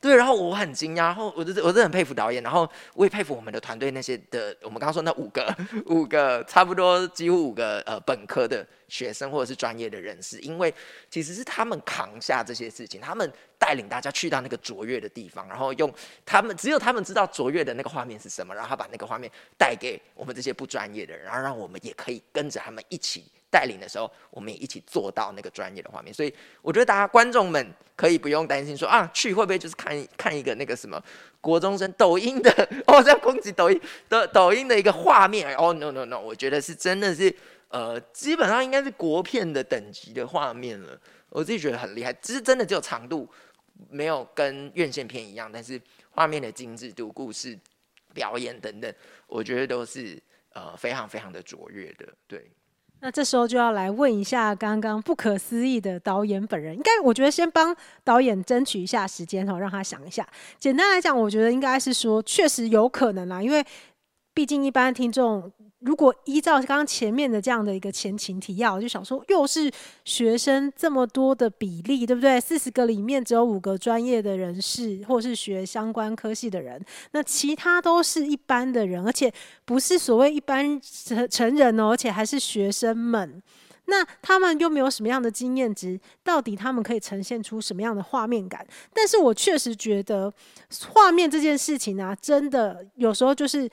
對，然後我很驚訝，然後我就是我真的很佩服導演，然後我也佩服我們的團隊那些的，我們剛剛說那五個，五個差不多幾乎五個呃本科的。學生或者是專業的人士，因為其實是他們扛下這些事情，他們帶領大家去到那個卓越的地方，然後用他們只有他們知道卓越的那個畫面是什麼，然後他把那個畫面帶給我們這些不專業的人，然後讓我們也可以跟着他們一起帶領的時候，我們也一起做到那個專業的畫面。所以我覺得大家觀眾們可以不用擔心說啊，去會不會就是看一看一個那個什麼國中生抖音的哦，在攻擊抖音的抖音的一個畫面，oh？哦，no，no no no，我覺得是真的是。呃，基本上應該是國片的等級的畫面了，我自己覺得很厲害，只是真的只有長度，沒有跟院線片一樣，但是畫面的精緻度、故事、表演等等，我覺得都是呃非常非常的卓越的。對，那這時候就要來問一下剛剛不可思議的導演本人，應該我覺得先幫導演爭取一下時間，然後讓他想一下。簡單來講，我覺得應該是說確實有可能啦、啊，因為畢竟一般聽眾。如果依照剛剛前面的這樣的一個前情提要，我就想說，又是學生這麼多的比例，對不對？四十個裡面只有五個專業的人士，或是學相關科系的人，那其他都是一般的人，而且不是所謂一般成成人哦，而且還是學生們，那他們又沒有什麼樣的經驗值，到底他們可以呈現出什麼樣的畫面感？但是我確實覺得畫面這件事情啊，真的有時候就是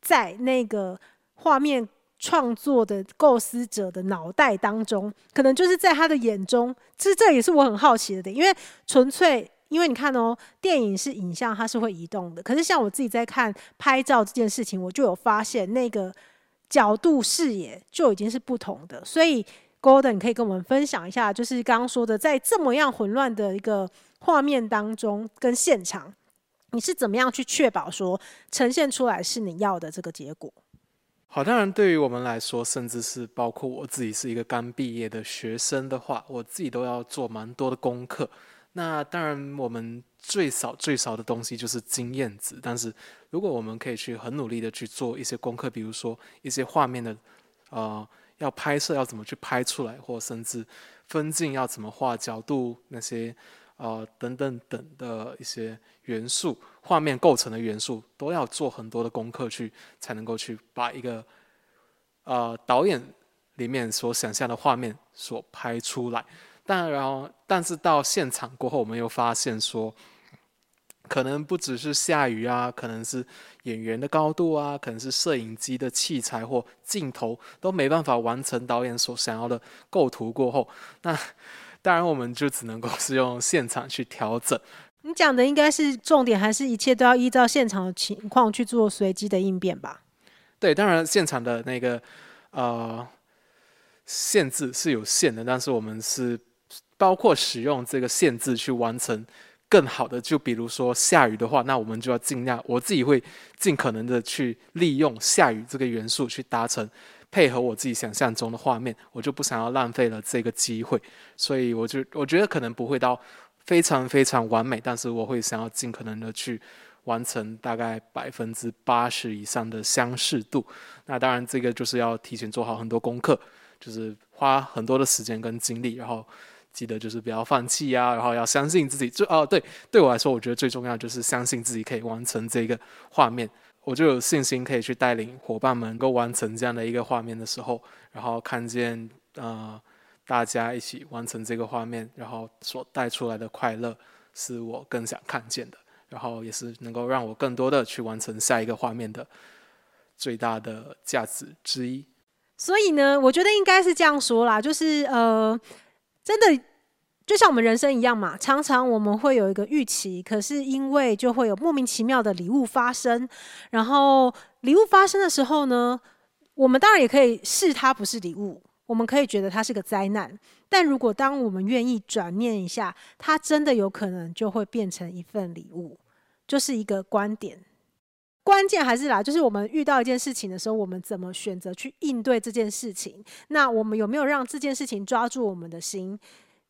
在那個。畫面創作的構思者的腦袋當中，可能就是在他的眼中，其實這也是我很好奇的點，因為純粹，因為你看哦、喔，電影是影像，它是會移動的。可是像我自己在看拍照這件事情，我就有發現，那個角度視野就已經是不同的。所以，Gordon 你可以跟我們分享一下，就是剛剛說的，在這麼樣混亂的一個畫面當中跟現場，你是怎麼樣去確保說呈現出來是你要的這個結果？好，當然對於我們來說，甚至是包括我自己是一個剛畢業的學生的話，我自己都要做蠻多的功課。那當然，我們最少最少的東西就是經驗值。但是，如果我們可以去很努力的去做一些功課，比如說一些畫面的，呃，要拍攝要怎麼去拍出來，或甚至分鏡要怎麼畫角度那些。啊、呃，等等等的一些元素，畫面構成的元素，都要做很多的功課去，才能夠去把一個呃導演裡面所想象的畫面所拍出來。但然後，但是到現場過後，我們又發現說，可能不只是下雨啊，可能是演員的高度啊，可能是攝影機的器材或鏡頭都沒辦法完成導演所想要的構圖。過後，那。當然，我們就只能夠使用現場去調整。你講的應該是重點，還是一切都要依照現場的情況去做隨機的應變吧？對，當然現場的那個呃限制是有限的，但是我們是包括使用這個限制去完成更好的。就比如說下雨的話，那我們就要盡量，我自己會盡可能的去利用下雨這個元素去達成。配合我自己想象中的畫面，我就不想要浪費了這個機會，所以我就，我覺得可能不會到非常非常完美，但是我會想要盡可能的去完成大概百分之八十以上的相似度。那當然，這個就是要提前做好很多功課，就是花很多的時間跟精力，然後記得就是不要放棄呀、啊，然後要相信自己。最哦對，對我來說，我覺得最重要就是相信自己可以完成這個畫面。我就有信心可以去帶領夥伴們，能夠完成這樣的一個畫面的時候，然後看見，呃，大家一起完成這個畫面，然後所帶出來的快樂，是我更想看見的，然後也是能夠讓我更多的去完成下一個畫面的最大的價值之一。所以呢，我覺得應該是這樣說啦，就是呃，真的。就像我們人生一樣嘛，常常我們會有一個預期，可是因為就會有莫名其妙的禮物發生。然後禮物發生的時候呢，我們當然也可以視它不是禮物，我們可以覺得它是個災難。但如果當我們願意轉念一下，它真的有可能就會變成一份禮物，就是一個觀點。關鍵還是啦，就是我們遇到一件事情的時候，我們怎麼選擇去應對這件事情？那我們有沒有讓這件事情抓住我們的心？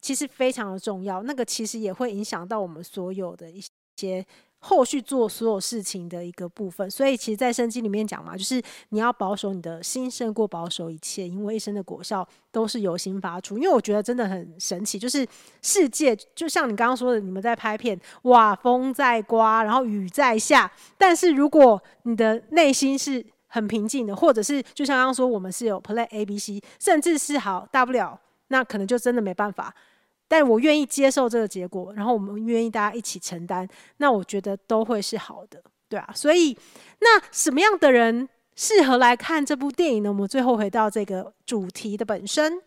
其實非常的重要，那個其實也會影響到我們所有的一些後續做所有事情的一個部分。所以，其實，在聖經裡面講嘛，就是你要保守你的心勝過保守一切，因為一生的果效都是由心發出。因為我覺得真的很神奇，就是世界就像你剛剛說的，你們在拍片，哇，風在颳，然後雨在下，但是如果你的內心是很平靜的，或者是就像剛剛說，我們是有 play A B C，甚至是好，大不了，那可能就真的沒辦法。但我願意接受這個結果，然後我們願意大家一起承擔，那我覺得都會是好的，對啊。所以，那什麼樣的人適合來看這部電影呢？我們最後回到這個主題的本身。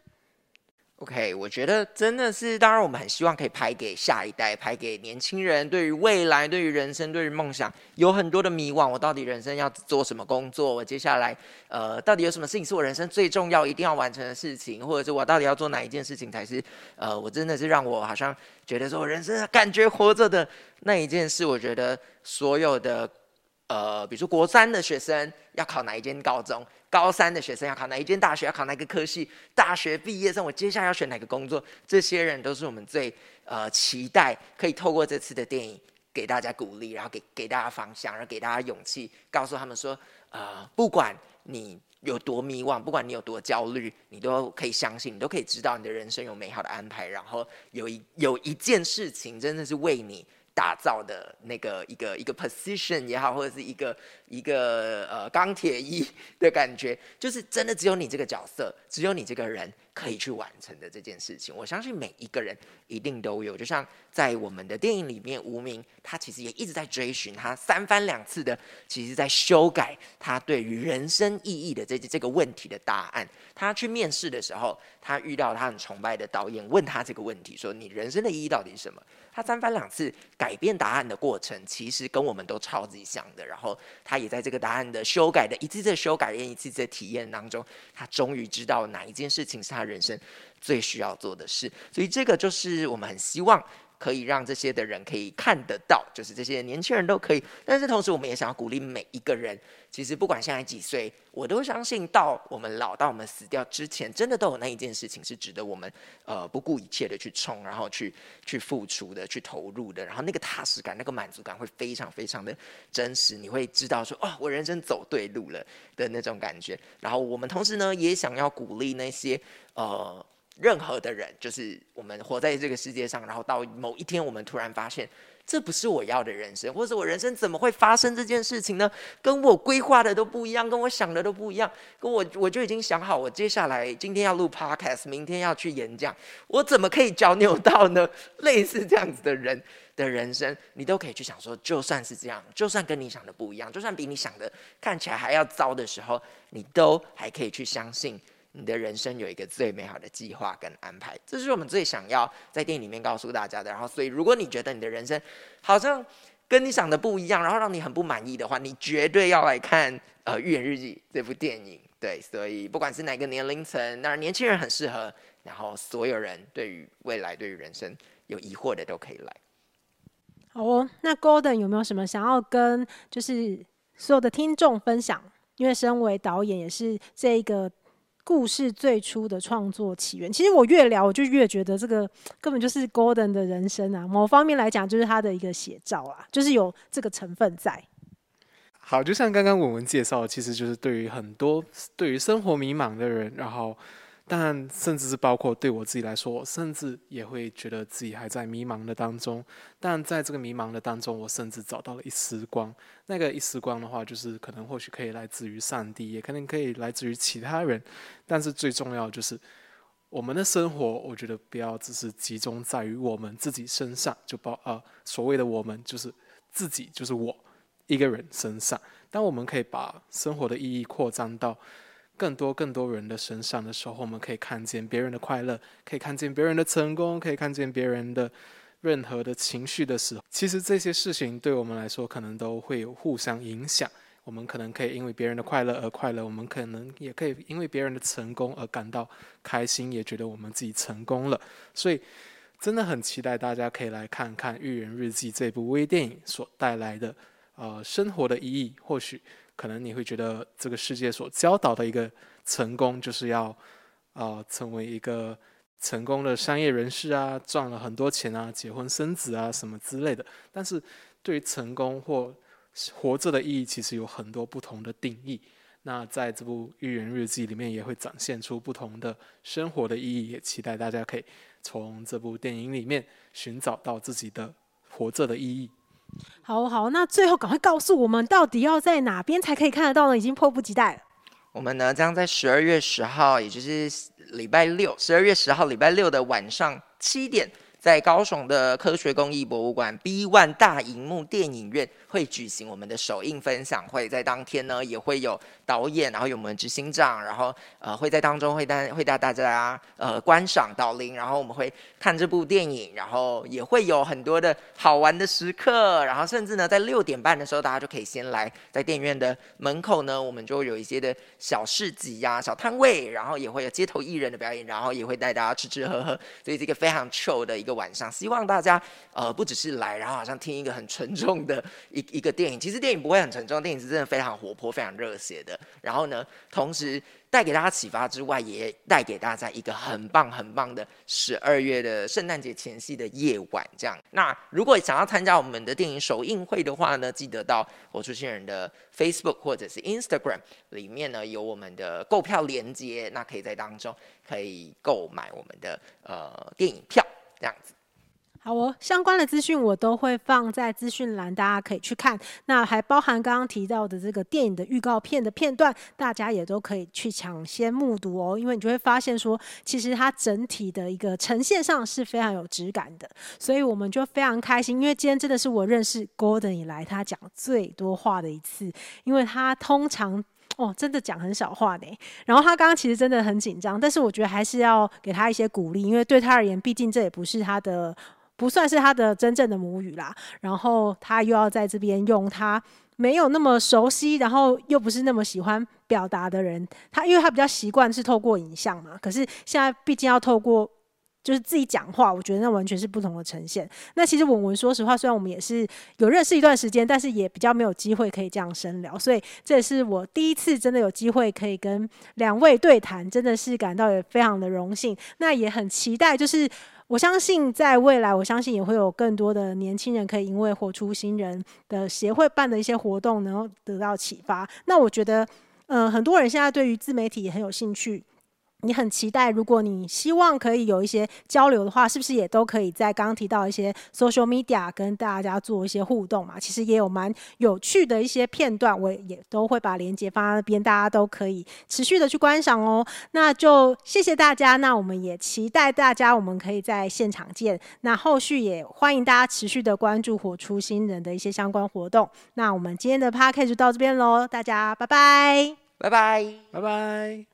OK，我覺得真的是，當然我們很希望可以拍給下一代，拍給年輕人。對於未來，對於人生，對於夢想，有很多的迷惘。我到底人生要做什麼工作？我接下來，呃，到底有什麼事情是我人生最重要、一定要完成的事情？或者是我到底要做哪一件事情才是，呃，我真的是讓我好像覺得說我人生感覺活着的那一件事。我覺得所有的。呃，比如說，國三的學生要考哪一間高中，高三的學生要考哪一間大學，要考哪個科系，大學畢業生我接下來要選哪個工作，這些人都是我們最呃期待，可以透過這次的電影給大家鼓勵，然後給給大家方向，然後給大家勇氣，告訴他們說，呃，不管你有多迷惘，不管你有多焦慮，你都可以相信，你都可以知道，你的人生有美好的安排，然後有一有一件事情真的是為你。打造的那個一個一個 position 也好，或者是一個一個呃鋼鐵衣的感覺，就是真的只有你這個角色，只有你這個人。可以去完成的這件事情，我相信每一個人一定都有。就像在我們的電影裡面，吳明他其實也一直在追尋，他三番兩次的，其實在修改他對於人生意義的這這個問題的答案。他去面試的時候，他遇到他很崇拜的導演，問他這個問題，說：“你人生的意義到底是什麼？”他三番兩次改變答案的過程，其實跟我們都超級像的。然後他也在這個答案的修改的一次次修改，連一次次的體驗當中，他終於知道哪一件事情是他人生最需要做的事，所以這個就是我們很希望。可以讓這些的人可以看得到，就是這些年輕人都可以。但是同時，我們也想要鼓勵每一個人。其實不管現在幾歲，我都相信，到我們老到我們死掉之前，真的都有那一件事情是值得我們呃不顧一切的去衝，然後去去付出的，去投入的。然後那個踏實感，那個滿足感會非常非常的真實。你會知道說，哦，我人生走對路了的那種感覺。然後我們同時呢，也想要鼓勵那些呃。任何的人，就是我們活在這個世界上，然後到某一天，我們突然發現，這不是我要的人生，或者我人生怎麼會發生這件事情呢？跟我規劃的都不一樣，跟我想的都不一樣，跟我我就已經想好，我接下來今天要錄 podcast，明天要去演講，我怎麼可以腳扭到呢？類似這樣子的人的人生，你都可以去想說，就算是這樣，就算跟你想的不一樣，就算比你想的看起來還要糟的時候，你都還可以去相信。你的人生有一個最美好的計劃跟安排，這是我們最想要在電影裡面告訴大家的。然後，所以如果你覺得你的人生好像跟你想的不一樣，然後讓你很不滿意的話，你絕對要來看《呃預言日記》這部電影。對，所以不管是哪個年齡層，當然年輕人很適合，然後所有人對於未來、對於人生有疑惑的都可以來。好哦，那 Gordon 有沒有什麼想要跟就是所有的聽眾分享？因為身為導演，也是這一個。故事最初的創作起源，其實我越聊，我就越覺得這個根本就是 Gordon 的人生啊，某方面來講，就是他的一個寫照啊，就是有這個成分在。好，就像剛剛文文介紹，其實就是對於很多對於生活迷茫的人，然後。但甚至是包括對我自己來說，我甚至也會覺得自己還在迷茫的當中。但在這個迷茫的當中，我甚至找到了一絲光。那個一絲光的話，就是可能或許可以來自於上帝，也可能可以來自於其他人。但是最重要就是我們的生活，我覺得不要只是集中在於我們自己身上，就包呃所謂的我們就是自己就是我一個人身上。但我們可以把生活的意義擴張到。更多更多人的身上的時候，我們可以看見別人的快樂，可以看見別人的成功，可以看見別人的任何的情緒的時候，其實這些事情對我們來說，可能都會有互相影響。我們可能可以因為別人的快樂而快樂，我們可能也可以因為別人的成功而感到開心，也覺得我們自己成功了。所以，真的很期待大家可以來看看《預言日記》這部微電影所帶來的呃生活的意義，或許。可能你會覺得這個世界所教導的一個成功，就是要，啊、呃，成為一個成功的商業人士啊，賺了很多錢啊，結婚生子啊，什麼之類的。但是，對於成功或活着的意義，其實有很多不同的定義。那在這部預言日記裡面，也會展現出不同的生活的意義，也期待大家可以從這部電影裡面尋找到自己的活着的意義。好好，那最後趕快告訴我們，到底要在哪邊才可以看得到呢？已經迫不及待了。我們呢，將在十二月十號，也就是禮拜六，十二月十號禮拜六的晚上七點，在高雄的科學工藝博物館 B One 大銀幕電影院會舉行我們的首映分享會。在當天呢，也會有導演，然後有我們的執行長，然後呃，會在當中會帶會帶大家呃觀賞導聆，然後我們會。看這部電影，然後也會有很多的好玩的時刻，然後甚至呢，在六點半的時候，大家就可以先來在電影院的門口呢，我們就有一些的小市集呀、啊、小攤位，然後也會有街頭藝人的表演，然後也會帶大家吃吃喝喝，所以是一個非常 chill 的一個晚上。希望大家呃，不只是來，然後好像聽一個很沉重的一一個電影，其實電影不會很沉重，電影是真的非常活潑、非常熱血的。然後呢，同時。帶給大家啟發之外，也帶給大家一個很棒很棒的十二月的聖誕節前夕的夜晚。這樣，那如果想要參加我們的電影首映會的話呢，記得到活出新人的 Facebook 或者是 Instagram 裡面呢，有我們的購票鏈接，那可以在當中可以購買我們的呃電影票這樣子。好哦，相關的資訊我都會放在資訊欄，大家可以去看。那還包含剛剛提到的這個電影的預告片的片段，大家也都可以去搶先目睹哦。因為你就會發現說，其實它整體的一個呈現上是非常有質感的，所以我們就非常開心，因為今天真的是我認識 Gordon 以來他講最多話的一次，因為他通常哦真的講很少話的。然後他剛剛其實真的很緊張，但是我覺得還是要給他一些鼓勵，因為對他而言，畢竟這也不是他的。不算是他的真正的母語啦，然後他又要在這邊用他沒有那麼熟悉，然後又不是那麼喜歡表達的人，他因為他比較習慣是透過影像嘛，可是現在畢竟要透過就是自己講話，我覺得那完全是不同的呈現。那其實我們說實話，雖然我們也是有認識一段時間，但是也比較沒有機會可以這樣深聊，所以這也是我第一次真的有機會可以跟兩位對談，真的是感到也非常的榮幸，那也很期待就是。我相信，在未來，我相信也會有更多的年輕人可以因為活出新人的協會辦的一些活動，能夠得到啟發。那我覺得，嗯、呃，很多人現在對於自媒體也很有興趣。你很期待，如果你希望可以有一些交流的話，是不是也都可以在剛提到一些 social media 跟大家做一些互動嘛？其實也有蠻有趣的一些片段，我也都會把鏈接放在那邊，大家都可以持續的去觀賞哦。那就謝謝大家，那我們也期待大家，我們可以在現場見。那後續也歡迎大家持續的關注火出新人的一些相關活動。那我們今天的 podcast 就到這邊嘍，大家拜拜，拜拜，拜拜。